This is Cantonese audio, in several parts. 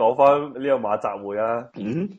講翻呢個馬習會啊！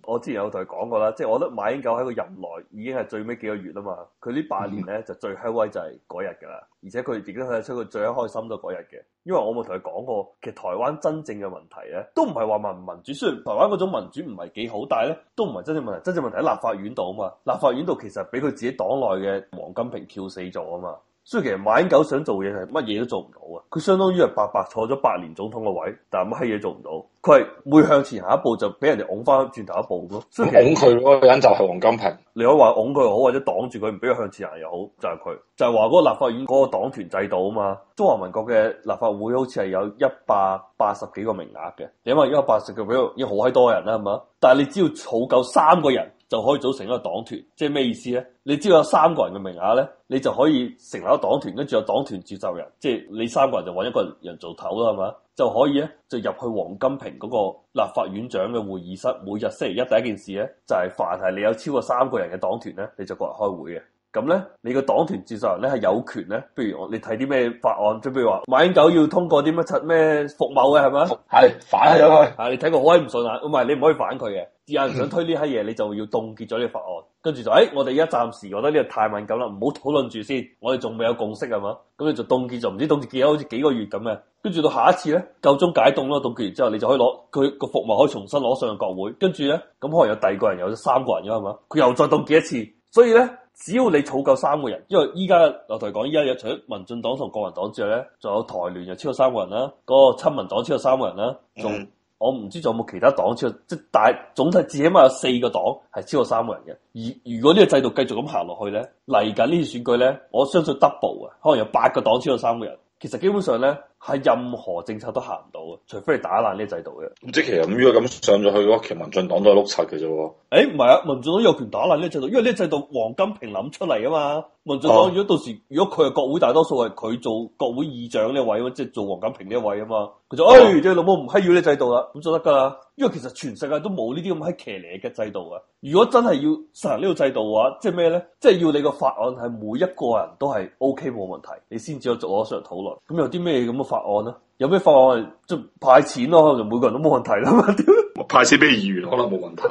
我之前有同佢講過啦，即係我覺得馬英九喺個任內已經係最尾幾個月啦嘛。佢呢八年咧就最 high 威就係嗰日噶啦，而且佢亦都睇出佢最開心都嗰日嘅。因為我冇同佢講過，其實台灣真正嘅問題咧都唔係話民唔民主，雖然台灣嗰種民主唔係幾好，但係咧都唔係真正問題。真正問題喺立法院度啊嘛，立法院度其實俾佢自己黨內嘅黃金平跳死咗啊嘛。所以其實馬英九想做嘢，係乜嘢都做唔到啊。佢相當於係白白坐咗八年總統嘅位，但乜閪嘢做唔到，佢係每向前行一步就俾人哋拱翻轉頭一步咯。所以拱佢嗰個人就係王金平，你可以話拱佢又好，或者擋住佢唔俾佢向前行又好，就係、是、佢，就係話嗰個立法院嗰，那個黨團制度啊嘛。中華民國嘅立法會好似係有一百八十幾個名額嘅，你話一百八十個俾，已經好閪多人啦，係嘛？但係你只要儲夠三個人。就可以組成一個黨團，即係咩意思咧？你只要有三個人嘅名額咧，你就可以成立一個黨團，跟住有黨團召集人，即係你三個人就揾一個人做頭啦，係嘛？就可以咧就入去王金平嗰個立法院長嘅會議室，每日星期一第一件事咧就係、是、凡係你有超過三個人嘅黨團咧，你就過嚟開會嘅。.咁咧，你個黨團接受人，咧係有權咧，譬如你睇啲咩法案，即係譬如話馬英九要通過啲乜七咩服貿嘅係咪？係反佢，係你睇個開唔順眼，唔係你唔可以反佢嘅。有人想推呢啲嘢，你就要凍結咗呢個法案，跟住就誒、哎，我哋而家暫時覺得呢個太敏感啦，唔好討論住先。我哋仲未有共識係嘛？咁你就凍結就唔知凍結咗好似幾個月咁嘅，跟住到下一次咧，夠鐘解凍咯。凍結完之後，你就可以攞佢個服貿可以重新攞上國會，跟住咧，咁可能有第二個人，有咗三個人咗係嘛？佢又再凍結一次，所以咧。只要你儲夠三個人，因為依家我同你講，依家有除咗民進黨同國民黨之外咧，仲有台聯又超過三個人啦，嗰個親民黨超過三個人啦，仲我唔知仲有冇其他黨超過，即但係總體至起碼有四個黨係超過三個人嘅。而如果呢個制度繼續咁行落去咧，嚟緊呢啲選舉咧，我相信 double 啊，可能有八個黨超過三個人。其實基本上咧。係任何政策都行唔到嘅，除非係打爛呢個制度嘅。即係其實咁，如果咁上咗去嘅話，其實民進黨都係碌柒嘅啫。誒、哎，唔係啊，民進黨有權打爛呢個制度，因為呢個制度王金平諗出嚟啊嘛。民進黨如果到時、啊、如果佢係國會大多數，係佢做國會議長呢位，即係做王金平呢位啊嘛，佢就誒、即、啊哎、老母唔閪要呢制度啦，咁就得噶啦。因為其實全世界都冇呢啲咁閪騎呢嘅制度嘅。如果真係要實行呢個制度嘅話，即係咩咧？即係要你個法案係每一個人都係 O K 冇問題，你先至有做咗上討論。咁有啲咩咁嘅？法案咯，有咩法案就派錢咯，可能就每個人都冇問題啦嘛。 派錢俾議員可能冇問題，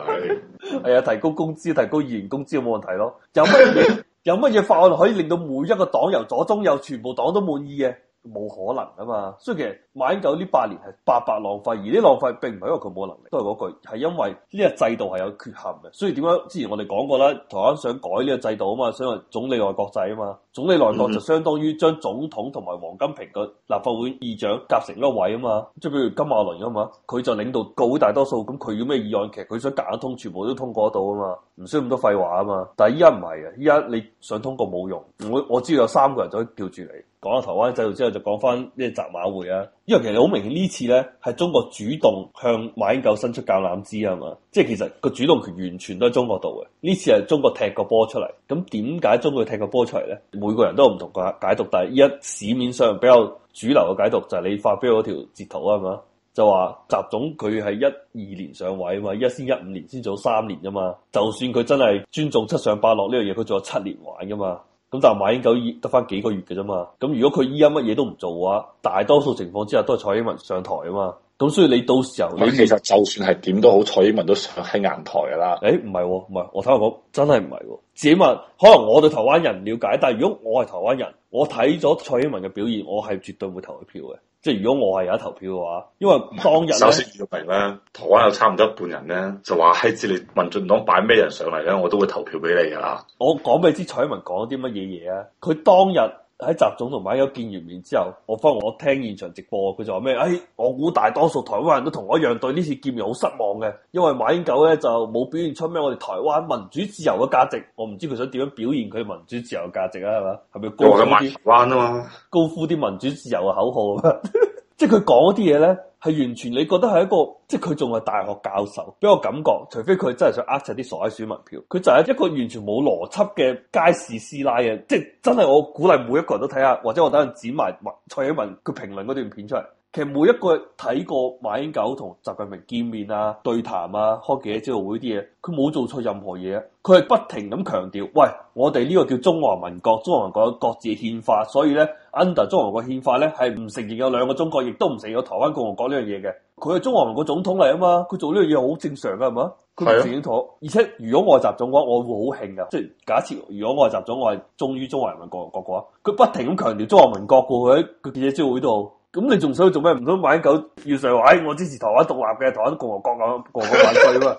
係啊，提高工資、提高議員工資冇問題咯。有乜嘢？ 有乜嘢法案可以令到每一個黨由左中右全部黨都滿意嘅？冇可能啊嘛，所以其實買狗馬英九呢八年係白白浪費，而呢浪費並唔係因為佢冇能力，都係嗰句係因為呢個制度係有缺陷嘅。所以點解之前我哋講過啦，台灣想改呢個制度啊嘛，想話總理內閣制啊嘛，總理內閣就相當於將總統同埋王金平個立法會議長夾成一個位啊嘛，即係譬如金馬倫啊嘛，佢就領導好大多數，咁佢要咩議案其實佢想夾得通，全部都通過得到啊嘛，唔需要咁多廢話啊嘛。但係依家唔係啊，依家你想通過冇用，我我知道有三個人就叫住你。講下台灣制度之後，就講翻呢個習馬會啊，因為其實你好明顯呢次咧係中國主動向馬英九伸出橄欖枝啊嘛，即係其實個主動權完全都係中國度嘅。呢次係中國踢個波出嚟，咁點解中國踢個波出嚟咧？每個人都有唔同個解讀，但係依家市面上比較主流嘅解讀就係你發表我嗰條截圖啊嘛，就話習總佢係一二年上位啊嘛，一先一五年先做三年啫嘛，就算佢真係尊重七上八落呢樣嘢，佢做咗七年玩噶嘛。咁但係馬英九得返幾個月嘅咋嘛，咁如果佢依家乜嘢都唔做嘅話，大多數情況之下都係蔡英文上台啊嘛。咁所以你到時候你，你其實就算係點都好，蔡英文都上喺硬台噶啦。誒、欸，唔係、啊，唔係，我睇我講，真係唔係喎。蔡英文可能我對台灣人唔了解，但係如果我係台灣人，我睇咗蔡英文嘅表現，我係絕對會投佢票嘅。即係如果我係有得投票嘅話，因為當日首先要明咧，台灣有差唔多半人咧，就話閪知你民進黨擺咩人上嚟咧，我都會投票俾你噶啦。我講俾你知，蔡英文講啲乜嘢嘢啊？佢當日。喺習總同馬英九見完面之後，我翻我聽現場直播，佢就話咩？誒、哎，我估大多數台灣人都同我一樣對呢次見面好失望嘅，因為馬英九咧就冇表現出咩我哋台灣民主自由嘅價值。我唔知佢想點樣表現佢民主自由價值啊？係咪？係咪高呼啲啊嘛？蠻蠻高呼啲民主自由嘅口號啊！ 即係佢講嗰啲嘢咧，係完全你覺得係一個，即係佢仲係大學教授俾我感覺，除非佢真係想呃晒啲傻閪選民票，佢就係一個完全冇邏輯嘅街市師奶啊！即係真係我鼓勵每一個人都睇下，或者我等陣剪埋蔡英文佢評論嗰段片出嚟。其實每一個睇過馬英九同習近平見面啊、對談啊、開記者招待會啲嘢，佢冇做錯任何嘢，佢係不停咁強調：，喂，我哋呢個叫中華民國，中華民國各自嘅憲法，所以咧，under 中華民國憲法咧係唔承認有兩個中國，亦都唔承認有台灣共和國呢樣嘢嘅。佢係中華民國總統嚟啊嘛，佢做呢樣嘢好正常噶，係嘛？佢完全妥。而且如果我習總嘅話，我會好興噶。即係假設如果我習總，我係忠於中華人民共和國啊。佢不停咁強調中華民國過去喺記者招待會度。咁、嗯、你仲想去做咩？唔通買狗要上位、哎？我支持台灣獨立嘅台灣共和國啊，共和國萬歲啊！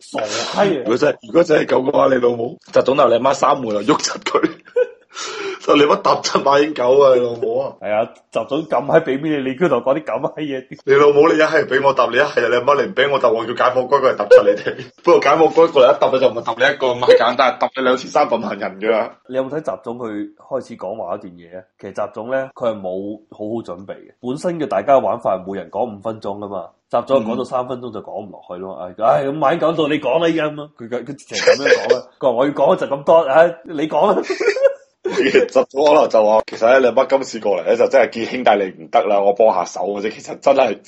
傻閪啊！如果真，如果真係狗嘅話，你老母就總由你媽三門啦，喐柒佢。 就你乜揼出馬英九啊？你老母啊！係啊、 哎，習總咁喺俾面你，你居然講啲咁閪嘢！你老母你一係俾我揼你我，一係你媽嚟唔俾我揼，我叫解放軍 過嚟揼出你哋。不過解放軍過嚟一揼就唔係揼你一個，咁簡單，揼 你兩千三百萬人噶啦。你有冇睇習總佢開始講話一段嘢啊？其實習總咧，佢係冇好好準備嘅。本身嘅大家玩法係每人講五分鐘噶嘛，習總講到三分鐘就講唔落去咯。嗯、哎，咁馬英九到你講啦依家，佢佢成日咁樣講嘅。佢話 我要講就咁多啊，你講。 執可能就話，其實咧你乜今次過嚟咧就真係見兄弟你唔得啦，我幫下手嘅啫。其實真係，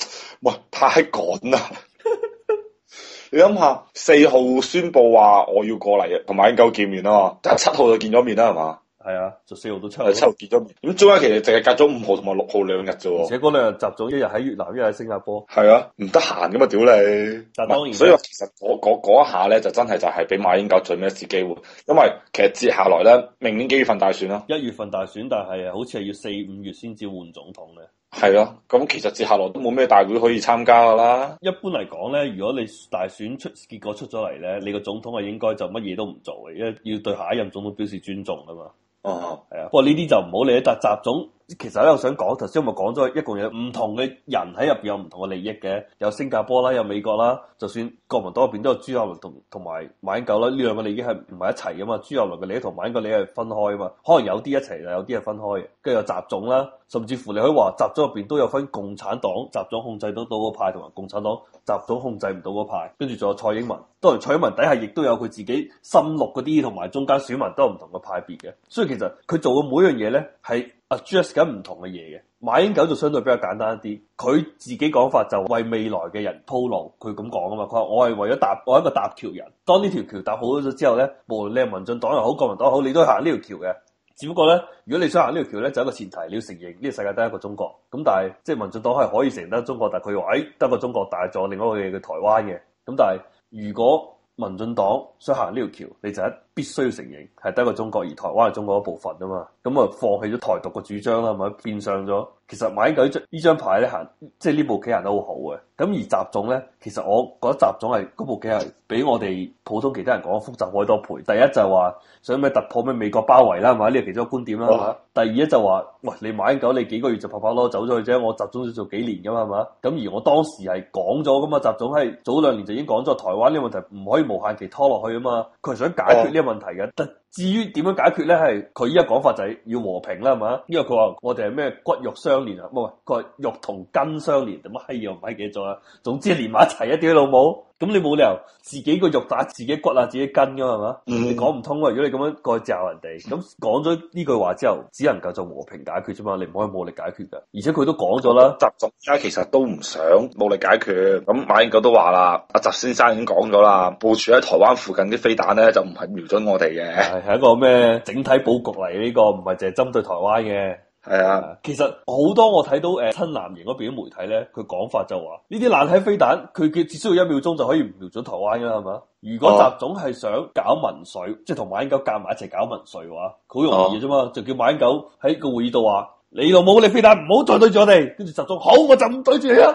哇，太趕啦。 你諗下，四號宣布話我要過嚟，同埋英九見面啊嘛，七號就見咗面啦，係嘛？係啊，就四號到七號，七號結咗。咁中間其實淨係隔咗五號同埋六號兩日啫。而且嗰兩日集中一日喺越南，一日喺新加坡。係啊，唔得閒噶嘛，屌你！但當然，所以其實嗰一下咧，就真係就係俾馬英九最尾一次機會，因為其實接下來咧，明年幾月份大選啦？一月份大選，但係好似係要四五月先至換總統咧。係啊，咁其實接下來都冇咩大會可以參加噶啦。一般嚟講咧，如果你大選出結果出咗嚟咧，你個總統係應該就乜嘢都唔做嘅，因為要對下一任總統表示尊重噶嘛。哦，係啊，oh.，不過不，呢啲就唔好理啦，但習總。其實咧，我想講頭先我咪講咗，一共有唔同嘅人喺入邊有唔同嘅利益嘅，有新加坡啦，有美國啦。就算國民黨入邊都有朱立倫同同埋馬英九啦，呢兩個利益係唔係一齊噶嘛？朱立倫嘅利益同馬英九嘅利益係分開噶嘛？可能有啲一齊，有啲係分開嘅，跟住有習總啦，甚至乎你可以話習總入邊都有分共產黨習總控制得到嗰派同埋共產黨習總控制唔到嗰派，跟住仲有蔡英文。當然蔡英文底下亦都有佢自己深綠嗰啲，同埋中間選民都有唔同嘅派別嘅。所以其實佢做嘅每樣嘢咧係 address 緊唔同嘅嘢嘅，馬英九就相對比較簡單一啲。佢自己講法就為未來嘅人鋪路，佢咁講啊嘛。佢話我係為咗搭，我係一個搭橋人。當呢條橋搭好咗之後咧，無論你係民進黨又好，國民黨好，你都行呢條橋嘅。只不過咧，如果你想行呢條橋咧，就係一個前提，你要承認呢個世界得一個中國。咁但係即係民進黨係可以承認得中國，但係佢話誒得個中國，大咗，仲有另一個嘅台灣嘅。咁但係如果民進黨想行呢條橋，你就一～必須要承認係得一個中國，而台灣係中國一部分啊嘛，咁啊放棄咗台獨嘅主張啦，係咪變相咗？其實馬英九呢張牌咧，行即係呢部棋行得好好嘅。咁而習總咧，其實我覺得習總係嗰部棋係比我哋普通其他人講複雜好多倍。第一就係話想咩突破咩美國包圍啦，係嘛呢？其中一個觀點啦、oh.。第二咧就話喂，你馬英九，你幾個月就拍拍攞走咗去啫，我集中咗做幾年噶嘛，係嘛？咁而我當時係講咗噶嘛，習總係早兩年就已經講咗台灣呢個問題唔可以無限期拖落去啊嘛，佢係想解決呢、oh.。問題嘅，但至於點樣解決咧，係佢依家講法就係要和平啦，係嘛？因為佢話我哋係咩骨肉相連啊，唔係佢話肉同筋相連，點解又唔係幾做啊？總之連埋一齊一啲老母。咁你冇理由自己個肉打自己骨啊，自己筋噶，係嘛？嗯、你講唔通啊！如果你咁樣過去炸人哋，咁講咗呢句話之後，只能夠做和平解決啫嘛，你唔可以武力解決噶。而且佢都講咗啦，習總家其實都唔想武力解決。咁馬英九都話啦，阿習先生已經講咗啦，部署喺台灣附近啲飛彈咧，就唔係瞄準我哋嘅，係一個咩整體佈局嚟呢、呢個，唔係淨係針對台灣嘅。係啊，其實好多我睇到誒，親藍營嗰邊嘅媒體咧，佢講法就話呢啲爛閪飛彈，佢佢只需要一秒鐘就可以瞄準台灣噶啦，係嘛？如果習總係想搞民粹，即係同馬英九夾埋一齊搞民粹嘅話，好容易啫嘛，哦、就叫馬英九喺個會議度話，你老母，你飛彈，唔好再對住我哋，跟住習總好，我就唔對住你啊，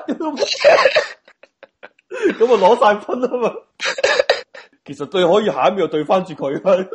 咁啊攞晒分啊嘛， 其實都可以下一秒對翻住佢。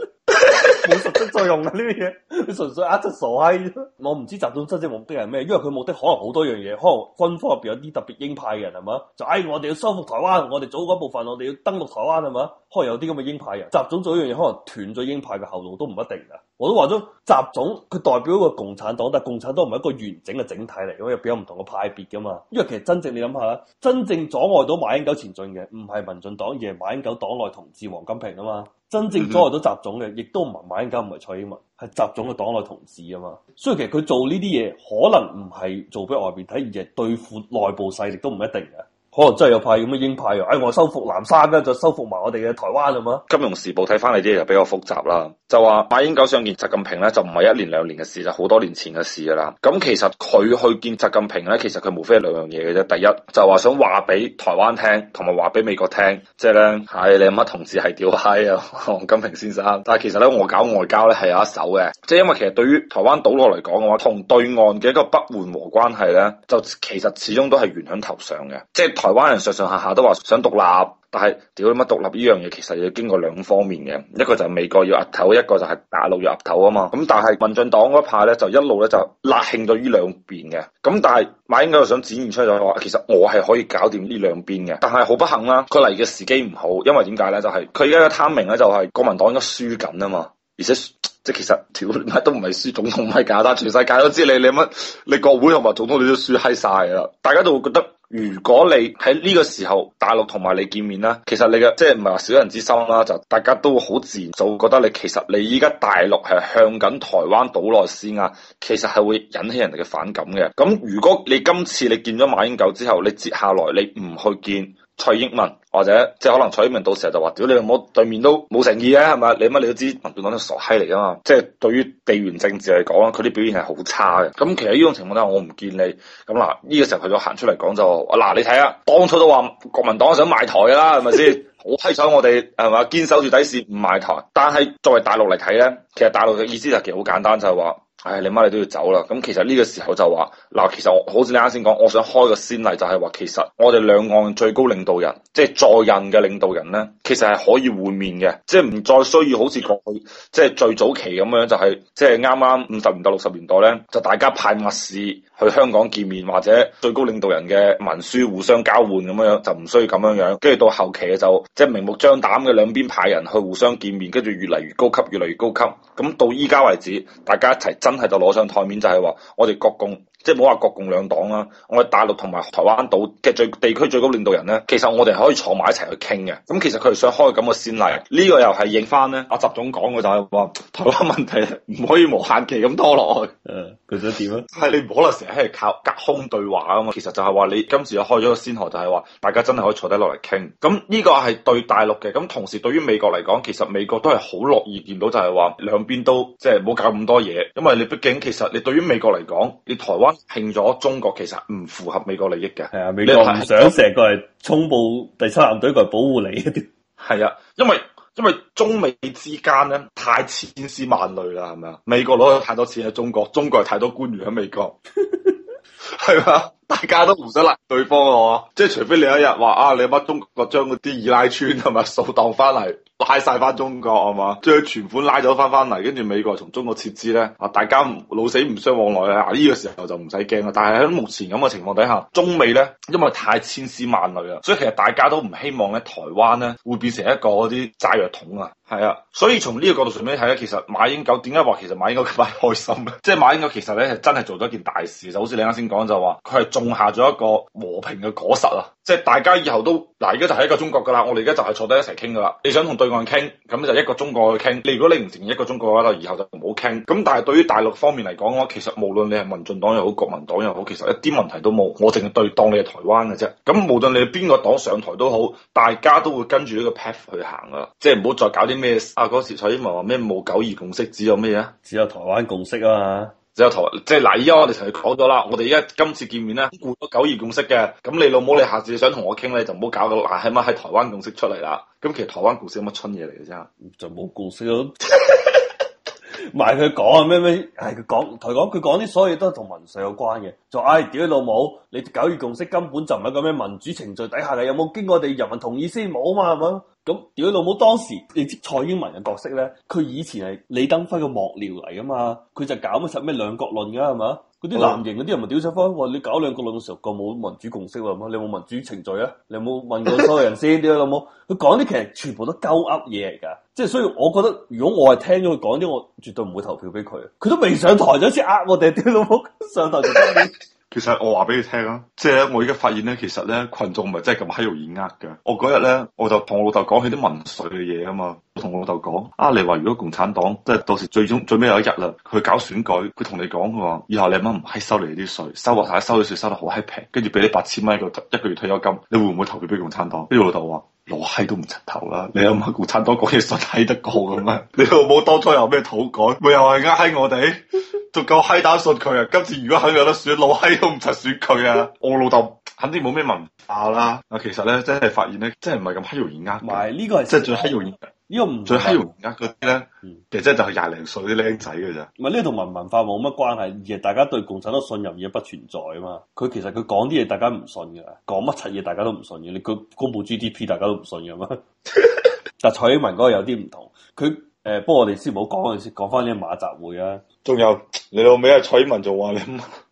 冇實質作用啊！呢啲嘢你純粹呃咗傻閪。我唔知習總真正的目的係咩因為佢目的可能好多樣嘢，可能軍方入邊有啲特別鷹派嘅人係嘛，就哎我哋要收復台灣，我哋早嗰部分，我哋要登陸台灣係嘛，可能有啲咁嘅鷹派人，習總做一樣嘢可能斷咗鷹派嘅後路都唔一定噶。我都話咗習總佢代表一個共產黨，但係共產黨唔係一個完整嘅整體嚟，因為入邊有唔同嘅派別噶嘛。因為其實真正你諗下啦，真正阻礙到馬英九前進嘅，唔係民進黨，而係馬英九黨內同志王金平啊嘛。真正阻礙到習總嘅，亦都唔係馬英九，唔係蔡英文，係習總嘅黨內同志啊嘛。所以其實佢做呢啲嘢，可能唔係做俾外面睇，而係對付內部勢力都唔一定嘅。可能、哦、真係有派咁嘅鷹派啊！哎，我收復南沙咧，就收復埋我哋嘅台灣啊嘛！金融時報睇翻嚟啲嘢就比較複雜啦，就話馬英九想見習近平咧，就唔係一年兩年嘅事，就好多年前嘅事啦。咁其實佢去見習近平咧，其實佢無非係兩樣嘢嘅啫。第一就話想話俾台灣聽，同埋話俾美國聽，即係咧，係、哎、你有乜同志係屌閪啊，王金平先生。但係其實咧，我搞外交咧係有一手嘅，即、就、係、是、因為其實對於台灣島內嚟講嘅話，同對岸嘅一個不緩和關係咧，就其實始終都係懸喺頭上嘅，即、就、係、是。台灣人上上下下都話想獨立，但係屌乜獨立呢樣嘢其實要經過兩方面嘅，一個就係美國要壓頭，一個就係大陸要壓頭啊嘛。咁但係民進黨嗰派咧就一路咧就拉興咗呢兩邊嘅，咁但係馬英九又想展現出咗話，其實我係可以搞掂呢兩邊嘅，但係好不幸啦，佢嚟嘅時機唔好，因為點解咧？就係佢而家嘅貪名咧，就係、是、國民黨應該輸緊啊嘛，而且即係其實屌乜都唔係輸，總統唔係假，但全世界都知，你你乜你國會同埋總統你都輸嗨晒㗎啦，大家都會覺得。如果你喺呢個時候大陸同埋你見面啦，其實你嘅即係唔係話小人之心啦，就大家都好自然就會覺得你其實你依家大陸係向緊台灣島內施壓，其實係會引起人哋嘅反感嘅。咁如果你今次你見咗馬英九之後，你接下來你唔去見。蔡英文，或者即係可能蔡英文到時候就話，屌你老母對面都冇誠意啊係咪？你乜你都知民眾黨都傻閪嚟噶嘛？即係對於地緣政治嚟講，佢啲表現係好差嘅。咁其實呢種情況底下我唔見你咁。嗱，呢個時候佢就行出嚟講就，嗱、啊、你睇下，當初都話國民黨想賣台噶啦，係咪先？好嗨彩我哋係嘛，堅守住底線唔賣台。但係作為大陸嚟睇咧，其實大陸嘅意思就其實好簡單，就係、是、話。唉，你媽你都要走啦。咁其實呢個時候就話，嗱，其實我好似你啱先講，我想開個先例就，就係話其實我哋兩岸最高領導人，即係在任嘅領導人咧，其實係可以會面嘅，即係唔再需要好似過去即係最早期咁樣，就係、是、即係啱啱五十年代六十年代咧，就大家派密使。去香港見面或者最高領導人嘅文書互相交換，咁樣樣就唔需要咁樣樣，跟住到後期就即係明目張膽嘅兩邊派人去互相見面，跟住越嚟越高級，越嚟越高級，咁到依家為止，大家一齊真係就攞上台面就係話我哋國共。即係冇話國共兩黨啊。我哋大陸同埋台灣島嘅最地區最高領導人咧，其實我哋係可以坐埋一齊去傾嘅。咁、嗯、其實佢係想開咁嘅先例，個認呢個又係認翻咧阿習總講嘅就係、是、話台灣問題唔可以無限期咁拖落去。誒、嗯，佢想點啊？係你唔可能成日喺靠隔空對話啊嘛。其實就係話你今次又開咗個先河，就係話大家真係可以坐低落嚟傾。咁、嗯、呢、這個係對大陸嘅，咁、嗯、同時對於美國嚟講，其實美國都係好樂意見到就係話兩邊都即係冇搞咁多嘢，因為你畢竟其實你對於美國嚟講，你台灣。慶咗中國其實唔符合美國利益嘅。係啊，美國唔想成個係冲布第七艦隊過嚟保護你一啲，係啊，因為因為中美之間咧太千絲萬縷啦，係咪啊？美國攞咗太多錢喺中國，中國又太多官員喺美國，係啊！ 大家都唔想賴對方噶，即係除非你有一日話啊，你乜中國將嗰啲二奶村係咪掃蕩翻嚟。拉晒翻中國係嘛，將存款拉咗翻翻嚟，跟住美國從中國撤資咧，啊大家老死唔相往來啊！依、呢個時候就唔使驚啦。但係喺目前咁嘅情況底下，中美咧因為太千絲萬縷啦，所以其實大家都唔希望咧台灣咧會變成一個嗰啲炸藥桶啊。係啊，所以從呢個角度上面睇咧，其實馬英九點解話其實馬英九咁開心咧？即 係馬英九其實咧係真係做咗一件大事，就好似你啱先講就話佢係種下咗一個和平嘅果實啊！即係大家以後都嗱，而家就係一個中國噶啦，我哋而家就係坐低一齊傾噶啦。你想同對岸傾，咁就一個中國去傾。你如果你唔承認一個中國嘅話咧，以後就唔好傾。咁但係對於大陸方面嚟講嘅話，其實無論你係民進黨又好、國民黨又好，其實一啲問題都冇。我淨係對當你係台灣嘅啫。咁無論你邊個黨上台都好，大家都會跟住呢個 path 去行噶啦，即係唔好再搞啲。咩啊？嗰時蔡英文話咩冇九二共識，只有咩啊？只有台灣共識啊嘛！只有台灣即係嗱，依家，我哋同佢講咗啦，我哋依家今次見面咧，顧咗九二共識嘅，咁你老母、嗯、你下次想同我傾咧，就唔好搞到嗱起碼喺台灣共識出嚟啦。咁其實台灣共識有乜春嘢嚟嘅啫，就冇共識咯。唔係佢講啊咩咩？係佢講台港，佢講啲所有嘢都係同民粹有關嘅。就唉屌你老母，你九二共識根本就唔係個咩民主程序底下，你有冇經過我哋人民同意先冇啊嘛？係咪咁屌老母，當時你知蔡英文嘅角色咧，佢以前係李登輝嘅幕僚嚟啊嘛，佢就搞乜柒咩兩國論噶係嘛？嗰啲藍營嗰啲人咪屌出翻，話你搞兩國論嘅時候，個冇民主共識喎，乜你冇民主程序啊？你有冇問過所有人先，屌啊老母，佢講啲其實全部都鳩噏嘢嚟噶，即係所以我覺得，如果我係聽咗佢講啲，我絕對唔會投票俾佢，佢都未上台就先呃我哋屌老母上台。其實我話俾你聽啊，即係咧，我而家發現咧，其實咧群眾唔係真係咁閪容易呃嘅。我嗰日咧，我就同我老豆講起啲民粹嘅嘢啊嘛，我同我老豆講，啊你話如果共產黨即係到時最終最尾有一日啦，佢搞選舉，佢同你講佢話以後你阿媽唔係收你啲稅，收啊，大家收嘅稅收得好嗨平，跟住俾你八千蚊一個月退休金，你會唔會投票俾共產黨？跟老豆話：攞閪都唔出頭啦，你阿媽，媽共產黨講嘢真係睇得過咁啊！你老母當初有咩土改，咪又係呃我哋。足夠閪膽信佢啊！今次如果肯有得選，老閪都唔柒選佢啊！ 我老豆肯定冇咩文化啦。啊，其實咧真係發現咧，真係唔係咁閪容易呃。唔係、這個、呢個係真係最閪容易，呢個唔最閪容易呃嗰啲咧，其實就係廿零歲啲僆仔嘅咋。唔係呢個同文文化冇乜關係，而係大家對共產黨信任嘢不存在啊嘛。佢其實佢講啲嘢大家唔信嘅，講乜柒嘢大家都唔信嘅。你佢公布 GDP 大家都唔信嘅嘛。 但蔡英文嗰個有啲唔同，佢。誒，不過、呃、我哋先唔好講，先講翻呢馬習會啊。仲有你老尾啊。蔡英文就話你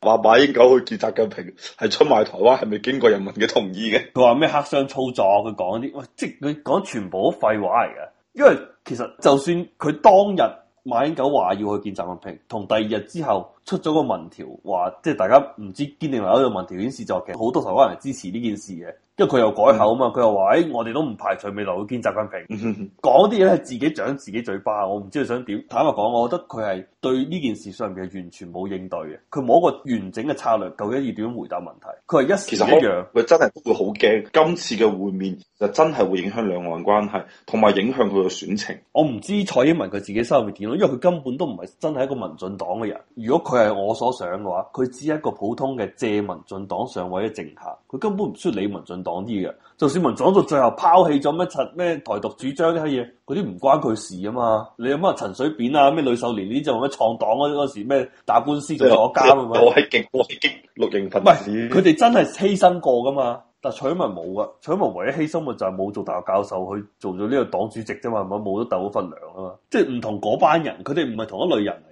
話馬英九去見習近平係出賣台灣，係未經過人民嘅同意嘅。佢話咩黑箱操作，佢講啲喂，即係佢講全部都廢話嚟嘅。因為其實就算佢當日馬英九話要去見習近平，同第二日之後，出咗個民調，話即係大家唔知堅定或者有民調顯示，就其實好多台灣人支持呢件事嘅。因為佢又改口嘛，佢又話，誒，我哋都唔排除未來會見習近平。講啲嘢係自己掌自己嘴巴，我唔知佢想點。坦白講，我覺得佢係對呢件事上面係完全冇應對嘅。佢冇一個完整嘅策略，究竟要點回答問題？佢係一時一樣，佢真係會好驚。今次嘅會面就真係會影響兩岸關係，同埋影響佢嘅選情。我唔知蔡英文佢自己心入面點咯，因為佢根本都唔係真係一個民進黨嘅人。如果佢，係我所想嘅話，佢只係一個普通嘅借民進黨上位嘅政客，佢根本唔需要理民進黨啲嘅。就算民進黨到最後拋棄咗咩陳咩台獨主張啲閪嘢，嗰啲唔關佢事啊嘛。你有乜陳水扁啊咩呂秀蓮呢就話咩創黨嗰時咩打官司坐咗監，啊嘛，我喺勁我喺勁錄熒屏，唔係佢哋真係犧牲過噶嘛。但蔡英文冇噶，蔡英文唯一犧牲嘅就係冇做大學教授，去做咗呢個黨主席啫嘛，係咪冇得鬥嗰份糧啊嘛。即係唔同嗰班人，佢哋唔係同一類人。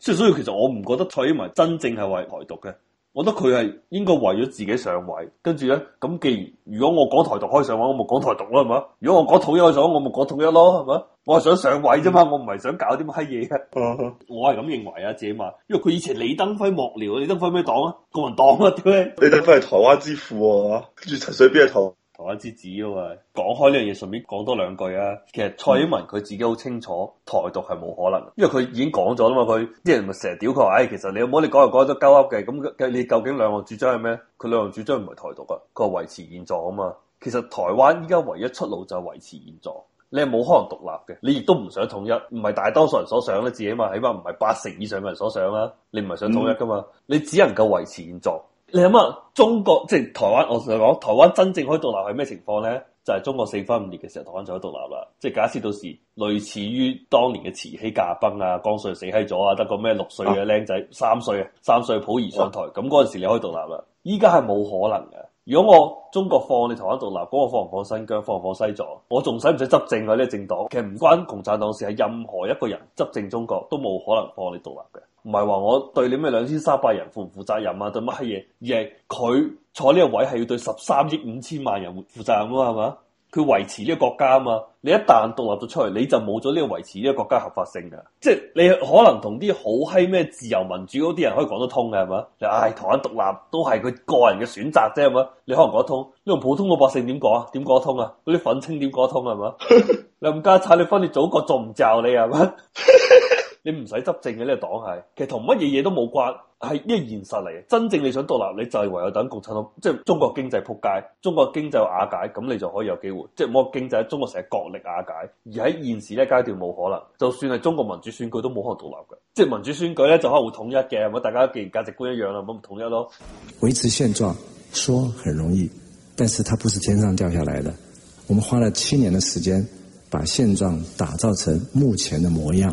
即係所以，其實我唔覺得蔡英文真正係為台獨嘅，我覺得佢係應該為咗自己上位。跟住咧，咁既然如果我講台獨可以上位，我咪講台獨啦，係咪？如果我講統一咗，我咪講統一咯，係咪？我係想上位啫嘛，我唔係想搞啲乜嘢嘅。 我係咁認為啊，謝曼，因為佢以前李登輝幕僚李登輝咩黨啊，國民黨啊屌你！李登輝係、啊、 台灣之父啊，跟住陳水扁係台。台灣之子啊嘛，講開呢樣嘢，順便講多兩句啊。其實蔡英文佢自己好清楚，台獨係冇可能，因為佢已經講咗啦嘛。佢啲人咪成日屌佢話，唉、哎，其實你有冇你講又講得鳩噏嘅。咁你究竟兩岸主張係咩？佢兩岸主張唔係台獨啊，佢維持現狀啊嘛。其實台灣依家唯一出路就係維持現狀，你係冇可能獨立嘅，你亦都唔想統一，唔係大多數人所想咧，自己嘛，起碼唔係八成以上嘅人所想啦。你唔係想統一噶嘛，嗯、你只能夠維持現狀。你諗下，中國即係台灣，我成日講台灣真正可以獨立係咩情況咧？就係、是、中國四分五裂嘅時候，台灣就可以獨立啦。即係假設到時類似於當年嘅慈禧駕崩啊，光緒死喺咗啊，得個咩六歲嘅僆仔，三歲啊，三歲溥儀上台，咁嗰陣時你可以獨立啦。依家係冇可能嘅。如果我中國放你台灣獨立，嗰、那個放唔放新疆，放唔放西藏，我仲使唔使執政呢、啊、啲、這個、政黨？其實唔關共產黨事，係任何一個人執政中國都冇可能放你獨立嘅。唔係話我對你咩兩千三百人負唔負責任啊，對乜嘢？而係佢坐呢個位係要對十三億五千萬人負責任咯、啊，係嘛？佢維持呢個國家啊嘛。你一旦獨立咗出嚟，你就冇咗呢個維持呢個國家合法性嘅。即係你可能同啲好閪咩自由民主嗰啲人可以講得通嘅，係嘛？你唉、哎、台灣獨立都係佢個人嘅選擇啫，係嘛？你可能講得通，你同普通嘅百姓點講啊？點講得通啊？嗰啲憤青點講得通係嘛？ 你唔加產，你翻你祖國仲唔罩你係嘛？ 你唔使執政嘅呢個黨係，其實同乜嘢嘢都冇關係，係呢個現實嚟嘅。真正你想獨立，你就係唯有等共產黨，即係中國經濟撲街，中國經濟瓦解，咁你就可以有機會。即係冇經濟，中國成日國力瓦解，而喺現時呢階段冇可能。就算係中國民主選舉，都冇可能獨立嘅。即係民主選舉咧，就可能會統一嘅，咁大家既然價值觀一樣，咁咪統一咯。維持現狀，說很容易，但是它不是天上掉下來嘅。我們花了七年嘅時間，把現狀打造成目前嘅模樣。